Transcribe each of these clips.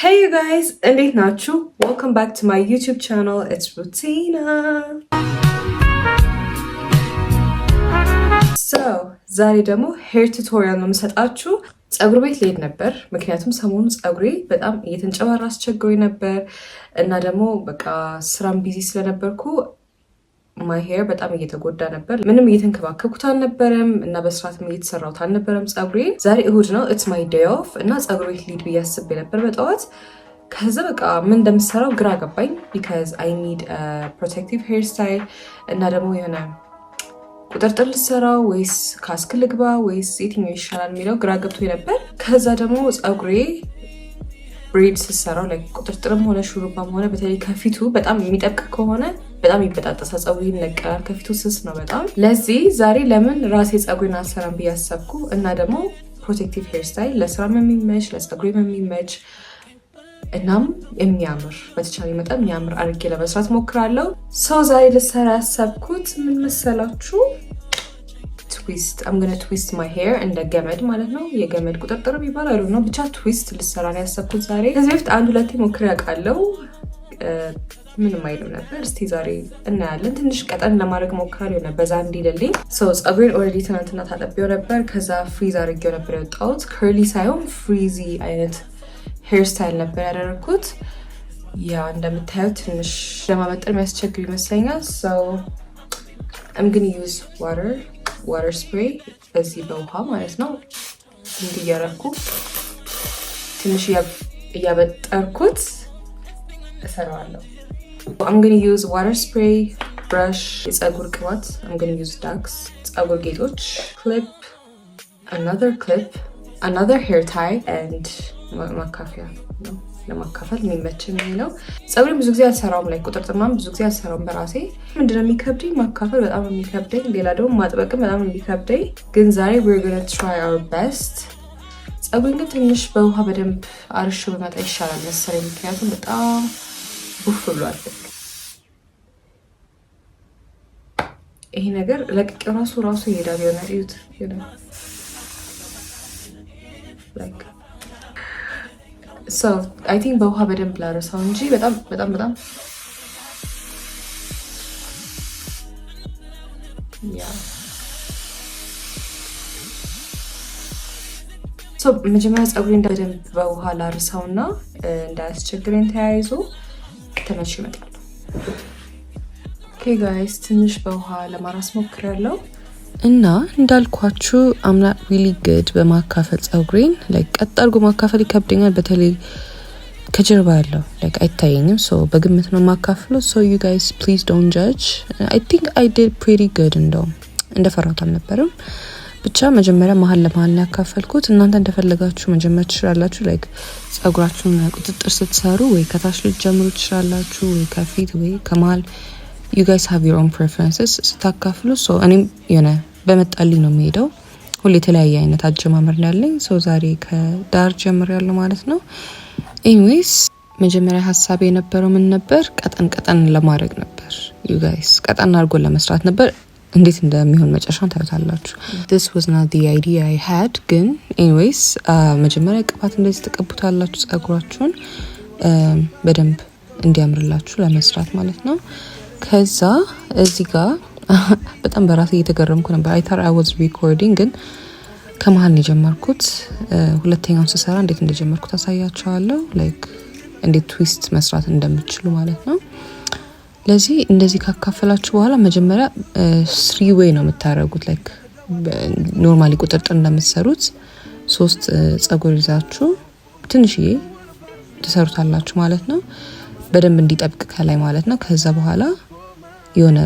ሄይ ጋይዝ እንዴት ናችሁ? ወልካም ባክ ቱ ማይ ዩቲዩብ ቻናል ኢትስ ሩቲና። ዛሬ ደግሞ ሄር ቱቶሪያል ነው የምሰጣችሁ። ፀጉር ቤት ልሄድ ነበር፣ ምክንያቱም ሰሞኑን ፀጉሬ በጣም እየተንጨባራ አስቸግሮኝ ነበር እና ደግሞ በቃ ስራም ቢዚ ስለነበርኩ ማይ ሄር በጣም እየተጎዳ ነበር። ምንም እየተንከባከብኩት አልነበረም እና በስርዓትም እየተሰራሁት አልነበረም ጸጉሬ። ዛሬ እሁድ ነው ኢትስ ማይ ዴይ ኦፍ እና ጸጉር ሊድ ብዬ አስቤ ነበር በጠዋት ከዚ በቃ ምን እንደምሰራው ግራ ገባኝ። ቢካዝ አይ ኒድ ፕሮቴክቲቭ ሄር ስታይል እና ደግሞ የሆነ ቁጥርጥር ልሰራው ወይስ ካስክ ልግባ ወይስ የትኛው ይሻላል የሚለው ግራ ገብቶ ነበር። ከዛ ደግሞ ፀጉሬ ብሬድ ስሰራው ቁጥርጥርም ሆነ ሹሩባም ሆነ በተለይ ከፊቱ በጣም የሚጠብቅ ከሆነ በጣም ይበጣጠሳል፣ ፀጉር ይነቀላል፣ ከፊቱ ስስ ነው በጣም። ለዚህ ዛሬ ለምን ራሴ ፀጉሬን አልሰራም ብዬ አሰብኩ እና ደግሞ ፕሮቴክቲቭ ሄርስታይል ለስራ ለስራም የሚመች ለፀጉሬም የሚመች እናም የሚያምር በተቻለ መጠን የሚያምር አድርጌ ለመስራት ሞክራለሁ። ሰው ዛሬ ልሰራ ያሰብኩት ምን መሰላችሁ? ትዊስት አምገነ ትዊስት ማይ ሄር እንደ ገመድ ማለት ነው። የገመድ ቁጥርጥር የሚባል ነው። ብቻ ትዊስት ልሰራ ነው ያሰብኩት ዛሬ። ከዚህ በፊት አንድ ሁለቴ ሞክሬ አውቃለሁ። ምንም አይልም ነበር። እስቲ ዛሬ እናያለን። ትንሽ ቀጠን ለማድረግ ሞካሪ ሆነ በዛ እንዲልልኝ ሰው ፀጉሬን ኦልሬዲ ትናንትና ታጠቢው ነበር። ከዛ ፍሪዝ አድርጌው ነበር የወጣሁት። ከርሊ ሳይሆን ፍሪዚ አይነት ሄርስታይል ነበር ያደረግኩት። ያ እንደምታየው ትንሽ ለማበጠር የሚያስቸግር ይመስለኛል። ሰው እምግን ዩዝ ዋተር ዋተር ስፕሬይ በዚህ በውሃ ማለት ነው እንዲያረኩ ትንሽ እያበጠርኩት እሰራዋለሁ። አምግን ዩዝ ዋተር ስፕሬይ፣ ብራሽ፣ የፀጉር ቅባት፣ አምግን ዩዝ ዳክስ፣ ፀጉር ጌጦች፣ ክሊፕ፣ አናዘር ክሊፕ፣ አናዘር ሄር ታይ ኤንድ ማካፊያ ነው ለማካፈል የሚመችም ይሄ ነው። ፀጉሬን ብዙ ጊዜ አልሰራውም፣ ላይ ቁጥርጥማም ብዙ ጊዜ አልሰራውም በራሴ ምንድነው የሚከብደኝ ማካፈል በጣም የሚከብደኝ፣ ሌላ ደግሞ ማጥበቅም በጣም የሚከብደኝ። ግን ዛሬ we're gonna try our best። ፀጉሬን ግን ትንሽ በውሃ በደንብ አርሾ በመጣ ይሻላል መሰለኝ፣ ምክንያቱም በጣም ቡፍ ብሎ ይሄ ነገር ለቅቄው ራሱ ራሱ ይሄዳል። የሆነ እዩት አይ ቲንክ በውሃ በደንብ ላረሳው እንጂ በጣም በጣም በጣም መጀመሪያ ፀጉሬ በደንብ በውሃ ላርሳውና እንዳያስቸግረኝ ተያይዞ ተመልሼ እመጣለሁ። ኦኬ ጋይስ ትንሽ በውሃ ለማራስ ሞክሬያለሁ እና እንዳልኳችሁ አምናት ሪሊ ግድ በማካፈል ጸጉሬን ቀጥ አድርጎ ማካፈል ይከብደኛል። በተለይ ከጀርባ ያለው ላይ አይታየኝም። ሶ በግምት ነው ማካፍለው። ሶ ዩ ጋይስ ፕሊዝ ዶንት ጃጅ። አይ ቲንክ አይ ዲድ ፕሪቲ ግድ እንደውም እንደፈራሁት አልነበርም። ብቻ መጀመሪያ መሀል ለመሀል ነው ያካፈልኩት። እናንተ እንደፈለጋችሁ መጀመር ትችላላችሁ። ላይክ ጸጉራችሁን ቁጥጥር ስትሰሩ ወይ ከታች ልትጀምሩ ትችላላችሁ፣ ወይ ከፊት ወይ ከመሀል። ዩ ጋይስ ሀቭ ዮር ኦን ፕሬፈረንስስ ስታካፍሉ። ሶ እኔም የሆነ በመጣልኝ ነው የሚሄደው። ሁሉ የተለያየ አይነት አጀማመር ነው ያለኝ። ሶ ዛሬ ከዳር ጀምር ያለው ማለት ነው። ኤኒዌይስ መጀመሪያ ሀሳብ የነበረው ምን ነበር? ቀጠን ቀጠን ለማድረግ ነበር። ዩ ጋይስ ቀጠን አድርጎ ለመስራት ነበር። እንዴት እንደሚሆን መጨረሻ ታዩታላችሁ። ስ ዋዝ ናት ዲ አይዲያ አይ ሃድ ግን ኤኒዌይስ uh, መጀመሪያ ቅባት እንደዚህ ተቀቡታላችሁ ጸጉራችሁን um, በደንብ እንዲያምርላችሁ ለመስራት ማለት ነው። ከዛ እዚህ ጋር በጣም በራሴ እየተገረምኩ ነበር። አይታር አይ ዋዝ ሪኮርዲንግ ግን ከመሀል ነው የጀመርኩት። uh, ሁለተኛውን ስሰራ እንዴት እንደጀመርኩት አሳያቸዋለሁ። ላይክ እንዴት ትዊስት መስራት እንደምችሉ ማለት ነው። ለዚህ እንደዚህ ካካፈላችሁ በኋላ መጀመሪያ ስሪ ዌይ ነው የምታደርጉት። ላይክ ኖርማሊ ቁጥርጥር እንደምትሰሩት ሶስት ጸጉር ይዛችሁ ትንሽዬ ትሰሩታላችሁ ማለት ነው። በደንብ እንዲጠብቅ ከላይ ማለት ነው። ከዛ በኋላ የሆነ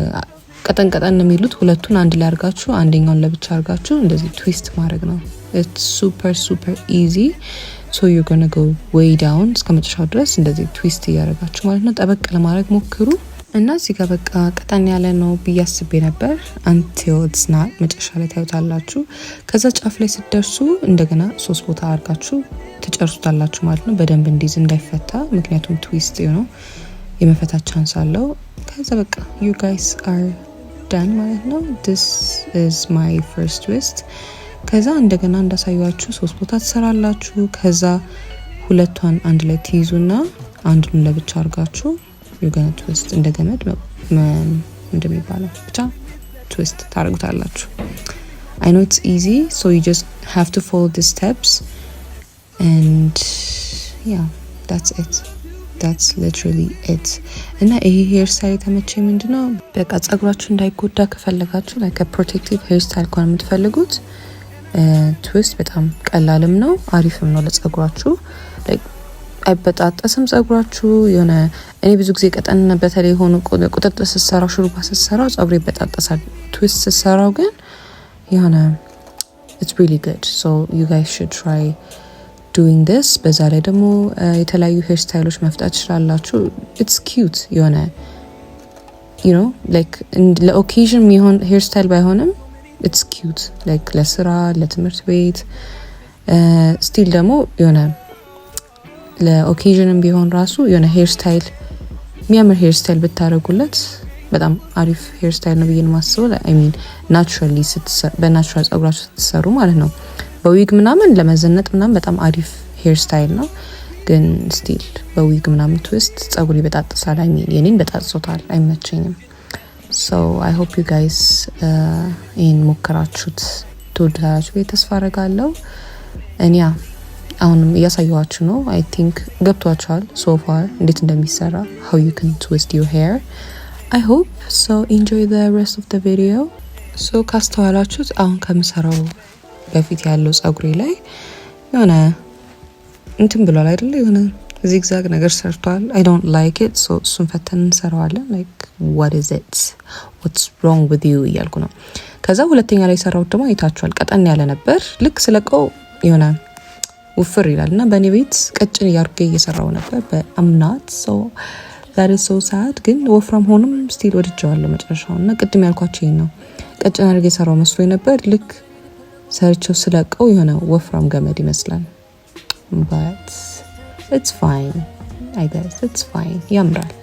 ቀጠን ቀጠን የሚሉት ሁለቱን አንድ ላይ አርጋችሁ አንደኛውን ለብቻ አርጋችሁ እንደዚህ ትዊስት ማድረግ ነው። ሱፐር ሱፐር ኢዚ ሶ ዩ ጎነ ጎ ዌይ ዳውን እስከ መጨረሻው ድረስ እንደዚህ ትዊስት እያደረጋችሁ ማለት ነው። ጠበቅ ለማድረግ ሞክሩ። እና እዚህ ጋር በቃ ቀጠን ያለ ነው ብዬ አስቤ ነበር። አንቴዎት መጨረሻ ላይ ታዩታላችሁ። ከዛ ጫፍ ላይ ስትደርሱ እንደገና ሶስት ቦታ አድርጋችሁ ትጨርሱታላችሁ ማለት ነው። በደንብ እንዲዝ እንዳይፈታ፣ ምክንያቱም ትዊስት ነው የመፈታት ቻንስ አለው። ከዛ በቃ ዩ ጋይስ አር ዳን ማለት ነው። ዲስ ኢዝ ማይ ፈርስት ትዊስት። ከዛ እንደገና እንዳሳያችሁ ሶስት ቦታ ትሰራላችሁ። ከዛ ሁለቷን አንድ ላይ ትይዙና አንዱን ለብቻ አድርጋችሁ ገና ትዊስት እንደ ገመድ እንደሚባለው ብቻ ትዊስት ታደርጉታላችሁ። አይ ኖ ኢትስ ኢዚ ሶ ዩ ጀስት ሃቭ ቱ ፎሎ ዲ ስቴፕስ ኤንድ ያ ዳትስ ኢት ዳትስ ሊትራሊ ኢት። እና ይሄ ሄር ስታይል የተመቸ ምንድን ነው፣ በቃ ጸጉራችሁ እንዳይጎዳ ከፈለጋችሁ ላይክ ፕሮቴክቲቭ ሄር ስታይል ከሆነ የምትፈልጉት ትዊስት uh, በጣም ቀላልም ነው አሪፍም ነው ለጸጉራችሁ። አይበጣጠስም ጸጉራችሁ የሆነ እኔ ብዙ ጊዜ ቀጠን በተለይ የሆኑ ቁጥጥር ስሰራው ሹሩባ ስሰራው ጸጉር ይበጣጠሳል። ትዊስት ስሰራው ግን የሆነ ኢትስ ሪሊ ጉድ ሶ ዩ ጋይስ ሹድ ትራይ ዱዊንግ ዲስ። በዛ ላይ ደግሞ የተለያዩ ሄር ስታይሎች መፍጣት ትችላላችሁ። ኢትስ ኪዩት የሆነ ዩ ኖ ላይክ ለኦኬዥን የሚሆን ሄር ስታይል ባይሆንም ኢትስ ኪዩት ላይክ ለስራ ለትምህርት ቤት ስቲል ደግሞ የሆነ ለኦኬዥንም ቢሆን ራሱ የሆነ ሄርስታይል የሚያምር ሄርስታይል ብታደረጉለት በጣም አሪፍ ሄርስታይል ነው ብዬ ማስበው። ሚን ናቹራሊ በናቹራል ጸጉራችሁ ስትሰሩ ማለት ነው። በዊግ ምናምን ለመዘነጥ ምናምን በጣም አሪፍ ሄርስታይል ነው፣ ግን ስቲል በዊግ ምናምን ትውስጥ ጸጉር በጣጥሳል። ሚን የኔን በጣጥሶታል፣ አይመቸኝም። ሶ አይ ሆፕ ዩ ጋይስ ይህን ሞከራችሁት ትወዱታላችሁ ተስፋ አረጋለው እኒያ አሁንም እያሳየኋችሁ ነው። አይ ቲንክ ገብቷችኋል ሶፋ እንዴት እንደሚሰራ ሀው ዩ ከን ትዊስት ዩር ሄር አይ ሆፕ ሶ ኢንጆይ ዘ ሬስት ኦፍ ዘ ቪዲዮ። ሶ ካስተዋላችሁት አሁን ከምሰራው በፊት ያለው ጸጉሬ ላይ የሆነ እንትን ብሏል አይደለ? የሆነ ዚግዛግ ነገር ሰርቷል። አይ ዶንት ላይክ ኢት ሶ እሱን ፈተን እንሰራዋለን። ላይክ ዋት ኢዝ ኢት ዋትስ ሮንግ ዊዝ ዩ እያልኩ ነው። ከዛ ሁለተኛ ላይ የሰራሁት ደግሞ አይታችኋል፣ ቀጠን ያለ ነበር። ልክ ስለቀው የሆነ ውፍር ይላል እና በእኔ ቤት ቀጭን እያርጌ እየሰራው ነበር በአምናት ሰው ሰዓት ግን ወፍራም ሆኖም ስቲል ወድጀዋለሁ መጨረሻው እና ቅድም ያልኳቸው ነው። ቀጭን አድርጌ የሰራው መስሎ ነበር። ልክ ሰርቸው ስለቀው የሆነ ወፍራም ገመድ ይመስላል። ኢትስ ፋይን አይ ገስ ኢትስ ፋይን ያምራል።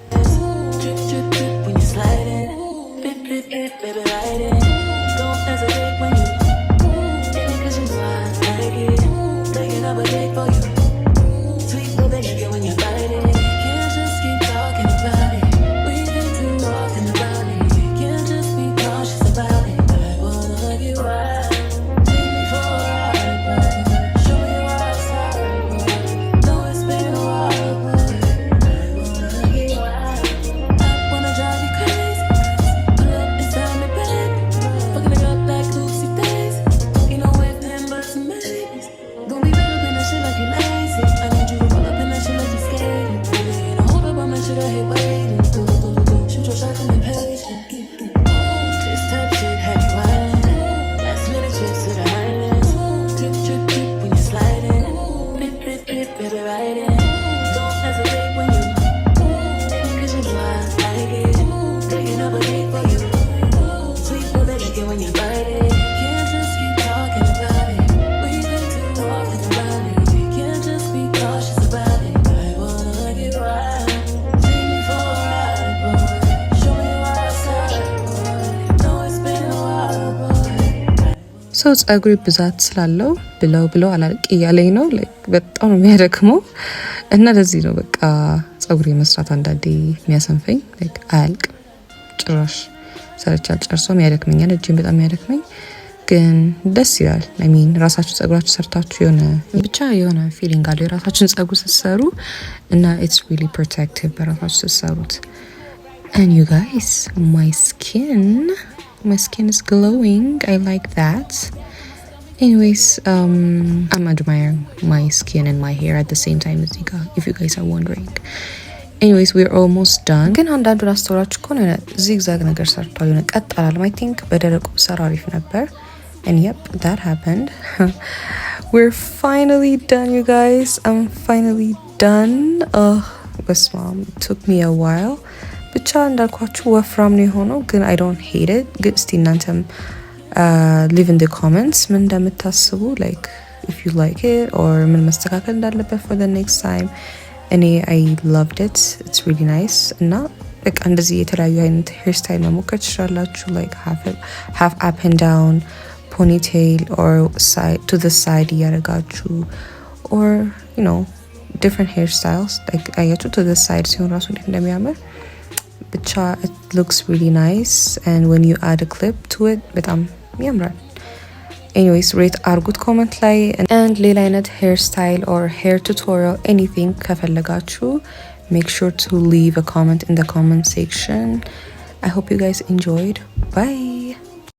ሰው ጸጉሪ ብዛት ስላለው ብለው ብለው አላልቅ እያለኝ ነው። በጣም ነው የሚያደክመው እና ለዚህ ነው በቃ ጸጉሪ መስራት አንዳንዴ የሚያሰንፈኝ። አያልቅም ጭራሽ ሰርቻ ጨርሶም ያደክመኛል፣ እጅም በጣም ያደክመኝ። ግን ደስ ይላል። ሚን ራሳችሁ ጸጉራችሁ ሰርታችሁ የሆነ ብቻ የሆነ ፊሊንግ አለው የራሳችን ጸጉር ስትሰሩ እና ኢትስ ሪሊ ፕሮቴክቲቭ በራሳችሁ ስትሰሩት። ኤንድ ዩ ጋይስ ማይ ስኪን my skin is glowing i like that anyways um i'm admiring my skin and my hair at the same time as you guys if you guys are wondering anyways we're almost done አንዳንዱን አስተውላችሁ And yep, that happened. We're finally done, you guys. I'm finally done. Uh, West Mom took me a while. ብቻ እንዳልኳችሁ ወፍራም ነው የሆነው፣ ግን አይ ዶንት ሄድ ኢት። ግን እስቲ እናንተም ሊቭ ኢን ዲ ኮመንትስ ምን እንደምታስቡ ላይክ ኢፍ ዩ ላይክ ኢት ኦር ምን መስተካከል እንዳለበት ፎር ዘ ኔክስት ታይም። እኔ አይ ላቭድ ኢት ኢትስ ሪሊ ናይስ እና በቃ እንደዚህ የተለያዩ አይነት ሄር ስታይል መሞከር ትችላላችሁ። ላይክ ሃፍ አፕ ኤንድ ዳውን ፖኒቴይል ኦር ቱ ዘ ሳይድ እያደረጋችሁ ኦር ዩ ኖ ዲፍረንት ሄር ስታይልስ አያችሁ። ቱ ዘ ሳይድ ሲሆን ራሱ እንዴት እንደሚያምር the chart it looks really nice and when you add a clip to it I'm, بتعم... anyways rate our good comment like and, and lilainet hairstyle or hair tutorial anything kafelagachu make sure to leave a comment in the comment section i hope you guys enjoyed bye